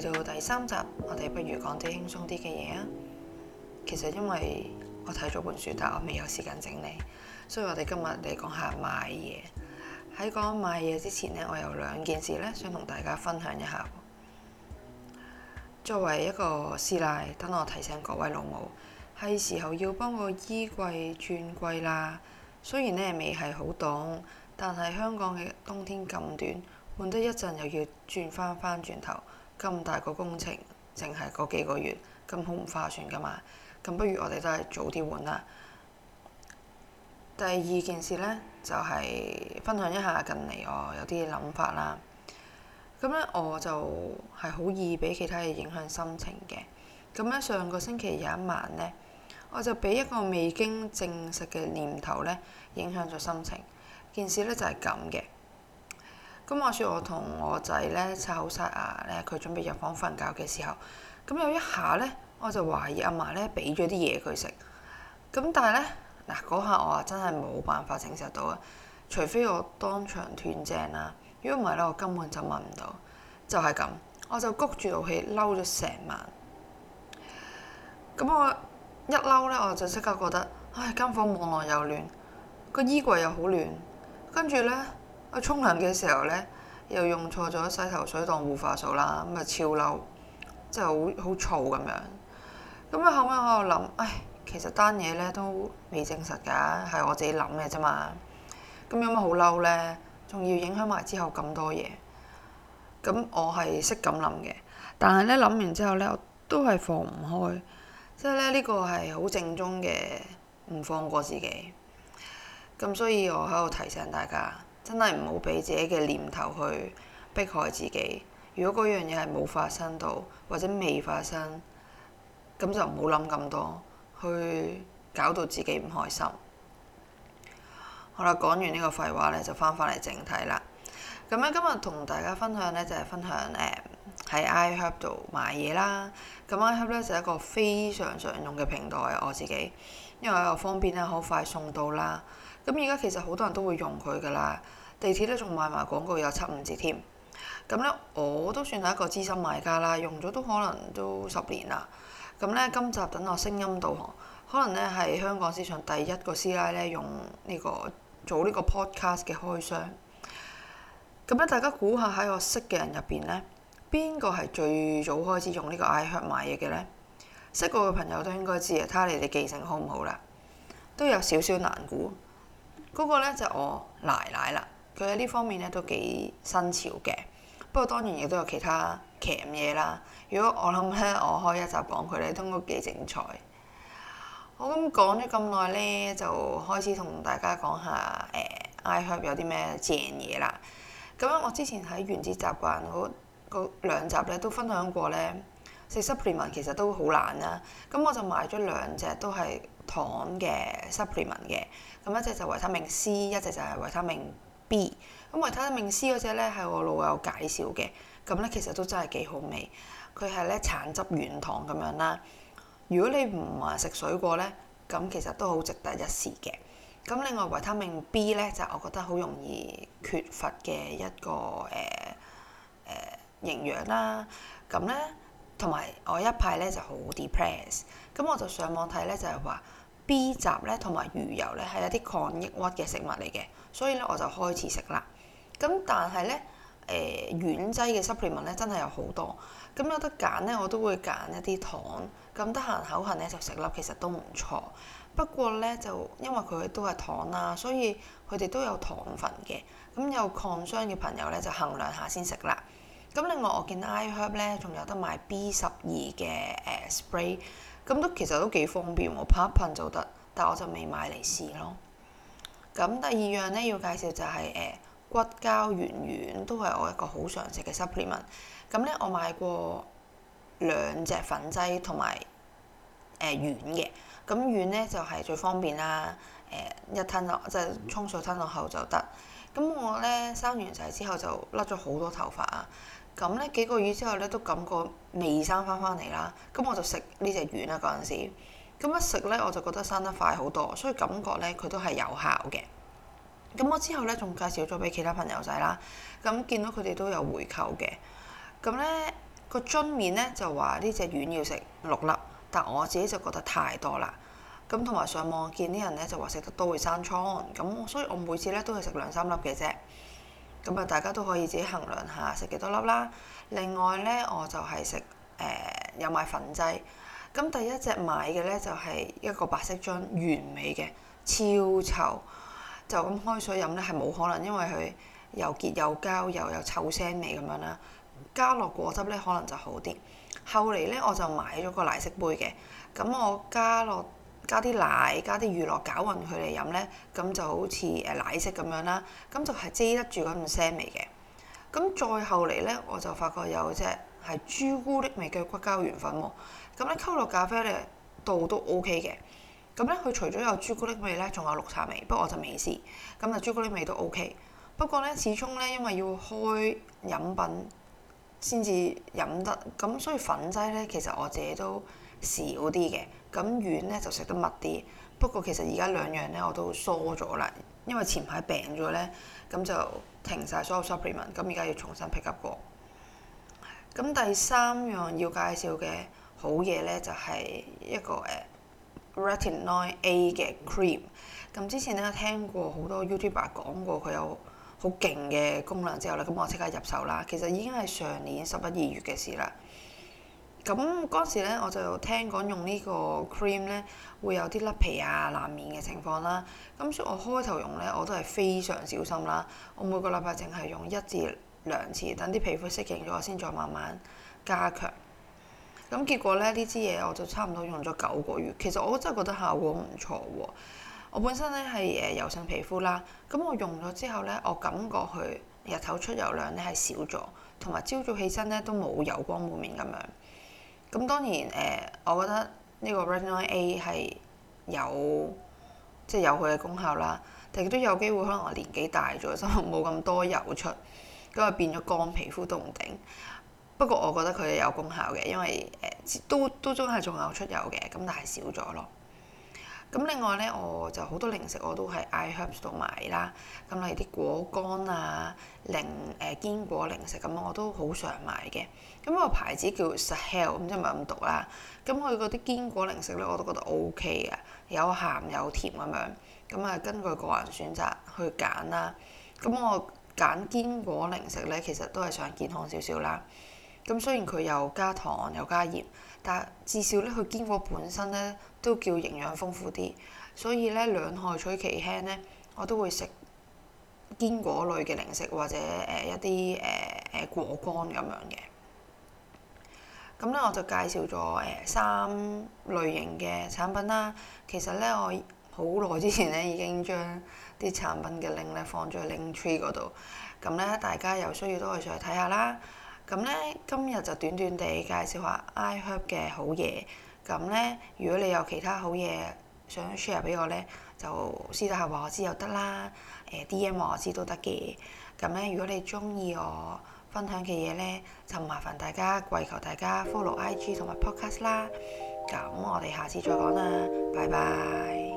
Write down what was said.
嚟到第三集，我哋不如講啲輕鬆啲嘅嘢啊。其實因為我睇咗本書，但我未有時間整理，所以我哋今日嚟講下買嘢。喺講買嘢之前呢，我有兩件事呢想同大家分享一下。作為一個師奶，等我提醒各位老母，係時候要幫個衣櫃轉季啦。雖然呢未係好凍，但係香港嘅冬天咁短，換得一陣又要轉翻翻轉頭。咁大個工程，淨係嗰幾個月，咁好唔劃算噶嘛？咁不如我哋都係早啲換啦。第二件事呢，就係、是、分享一下近嚟我有啲諗法啦。咁咧，我就係好易俾其他嘢影響心情嘅。咁咧，上個星期有一晚呢，我就俾一個未經證實嘅念頭呢影響咗心情。件事呢，就係咁嘅。咁話說我同我仔咧刷好曬牙咧，佢準備入房瞓覺嘅時候，咁有一下咧，我就懷疑阿嫲咧俾咗啲嘢佢食。咁但係咧，嗱嗰下我啊真係冇辦法證實到啊，除非我當場斷正啦，啊，如果唔係咧，我根本就聞唔到，就係、是、咁。我就谷住怒氣嬲咗成晚。咁我一嬲咧，我就即刻覺得，唉，間房又亂，個衣櫃又好亂，跟住咧。我沖涼嘅時候咧，又用錯咗洗頭水當護髮素啦，咁啊超嬲，即係好好躁咁樣。咁啊後尾我又諗，唉，其實單嘢咧都未證實㗎，係我自己諗嘅啫嘛。咁有乜好嬲咧？仲要影響埋之後咁多嘢。咁我係識咁諗嘅，但係咧諗完之後咧，我都係放唔開，即係咧呢個係好正宗嘅，唔放過自己。咁所以我喺度提醒大家。真係唔好俾自己嘅念頭去迫害自己。如果嗰樣嘢係冇發生到，或者未發生，咁就唔好諗咁多，去搞到自己唔開心。好啦，講完個廢呢個廢話咧，就翻返嚟整體啦。咁咧今日同大家分享咧，就係、是、分享誒喺 iHerb 度買嘢啦。咁 iHerb 咧就係、一個非常常用嘅平台，我自己，因為我又方便啦，好快送到啦。咁而家其實好多人都會用佢噶啦，地鐵咧仲賣埋廣告，有七五折添。咁咧，我都算係一個資深買家啦，用咗都可能都十年啦。咁咧，今集等我聲音導航，可能咧係香港市場第一個師奶咧用呢個做呢個 podcast 嘅開箱。咁咧，大家估下喺我識嘅人入邊咧，邊個係最早開始用呢個 iHerb 買嘢嘅咧？識過嘅朋友都應該知啊，睇下你哋記性好唔好啦，都有少少難估。嗰個咧就我奶奶啦，佢喺呢方面咧都幾新潮嘅，不過當然亦都有其他巭嘢啦。如果我諗咧，我開一集講佢咧，都幾精彩。我咁講咗咁耐咧，就開始同大家講下誒 iHerb 有啲咩正嘢啦。咁樣我之前喺原子習慣嗰兩集咧都分享過咧，食 supplement 其實都好難啦。咁我就買咗兩隻都係糖嘅 supplement 嘅，咁一隻就維他命 C，一隻就係維他命 B。咁維他命 C 嗰隻咧係我老友介紹嘅，咁咧其實都真係幾好味。佢係咧橙汁軟糖咁樣啦。如果你唔話食水果咧，咁其實都好值得一試嘅。咁另外維他命 B 咧就我覺得好容易缺乏嘅一個誒誒、呃呃、營養啦。咁咧同埋我一排咧就好 depressed，咁我就上網睇咧就係話。B 雜咧同埋魚油咧係一啲抗抑鬱嘅食物嚟嘅，所以咧我就開始食啦。咁但係咧，誒、呃、軟劑嘅 supplement 咧真係有好多，咁有得揀咧我都會揀一啲糖。咁得閒口痕咧就食粒，其實都唔錯。不過咧就因為佢都係糖啦，所以佢哋都有糖分嘅。咁有抗傷嘅朋友咧就衡量下先食啦。咁另外我見 iHerb 咧仲有得賣 B 十二嘅誒 spray。呃 Spr ay, 咁都其實都幾方便喎，噴一噴就得，但我就未買嚟試咯。咁第二樣咧要介紹就係、是、誒、呃、骨膠原丸，都係我一個好常食嘅 supplement。咁、嗯、咧我買過兩隻粉劑同埋誒丸嘅。咁丸咧就係最方便啦，誒、呃、一吞落就是、沖水吞落後就得。咁、嗯、我咧生完仔之後就甩咗好多頭髮啊！咁咧幾個月之後咧，都感覺未生翻翻嚟啦。咁我就食呢隻丸啦嗰陣時。咁一食咧，我就覺得生得快好多，所以感覺咧佢都係有效嘅。咁我之後咧仲介紹咗俾其他朋友仔啦。咁見到佢哋都有回購嘅。咁咧個樽面咧就話呢隻丸要食六粒，但我自己就覺得太多啦。咁同埋上網見啲人咧就話食得多會生瘡，咁所以我每次咧都係食兩三粒嘅啫。咁啊，大家都可以自己衡量下食幾多粒啦。另外呢，我就係食誒有賣粉劑。咁第一隻買嘅呢，就係一個白色樽，完美嘅超稠，就咁開水飲呢，係冇可能，因為佢又結又膠又有臭腥味咁樣啦。加落果汁呢，可能就好啲。後嚟呢，我就買咗個奶昔杯嘅，咁我加落。加啲奶，加啲乳酪，攪勻佢嚟飲咧，咁就好似誒奶昔咁樣啦。咁就係遮得住嗰種腥味嘅。咁再後嚟咧，我就發覺有隻係朱古力味嘅骨膠原粉喎。咁咧，溝落咖啡咧度都 OK 嘅。咁咧，佢除咗有朱古力味咧，仲有綠茶味，不過我就未試。咁就朱古力味都 OK。不過咧，始終咧，因為要開飲品先至飲得，咁所以粉劑咧其實我自己都少啲嘅。咁丸咧就食得密啲，不過其實而家兩樣咧我都疏咗啦，因為前排病咗咧，咁就停晒所有 supplement，咁而家要重新 pick up 過。咁第三樣要介紹嘅好嘢咧，就係、是、一個誒、啊、retinol A 嘅 cream。咁之前咧聽過好多 YouTuber 講過佢有好勁嘅功能之後咧，咁我即刻入手啦。其實已經係上年十一二月嘅事啦。咁嗰時咧，我就聽講用呢個 cream 咧會有啲甩皮啊、爛面嘅情況啦。咁所以我開頭用咧我都係非常小心啦。我每個禮拜凈係用一至兩次，等啲皮膚適應咗，先再慢慢加強。咁結果咧呢支嘢我就差唔多用咗九個月，其實我真係覺得效果唔錯喎。我本身咧係誒油性皮膚啦，咁我用咗之後咧，我感覺佢日頭出油量咧係少咗，同埋朝早起身咧都冇油光滿面咁樣。咁當然誒、呃，我覺得呢個 Retinol A 係有即係、就是、有佢嘅功效啦，但係都有機會可能我年紀大咗，所以冇咁多油出，咁就變咗乾皮膚都唔頂。不過我覺得佢有功效嘅，因為誒、呃、都都都係仲有出油嘅，咁但係少咗咯。咁另外咧，我就好多零食我都喺 iHerb 度買啦。咁例如啲果乾啊、零誒、呃、堅果零食咁我都好常買嘅。咁個牌子叫 Shell、ah、咁即係咪咁讀啦。咁佢嗰啲堅果零食咧，我都覺得 O K 嘅，有鹹有甜咁樣。咁啊，根據個人選擇去揀啦。咁我揀堅果零食咧，其實都係想健康少少啦。咁雖然佢又加糖又加鹽，但係至少咧佢堅果本身咧都叫營養豐富啲，所以咧兩害取其輕咧，我都會食堅果類嘅零食或者誒、呃、一啲誒誒果乾咁樣嘅。咁咧我就介紹咗誒三類型嘅產品啦。其實咧我好耐之前咧已經將啲產品嘅 link 咧放咗去 link tree 度，咁咧大家有需要都可以上去睇下啦。咁咧今日就短短地介紹下 iHerb 嘅好嘢。咁咧如果你有其他好嘢想 share 俾我咧，就私底下話我知又得啦。誒 DM 話我，我知都得嘅。咁咧如果你中意我分享嘅嘢咧，就麻煩大家跪求大家 follow IG 同埋 podcast 啦。咁我哋下次再講啦，拜拜。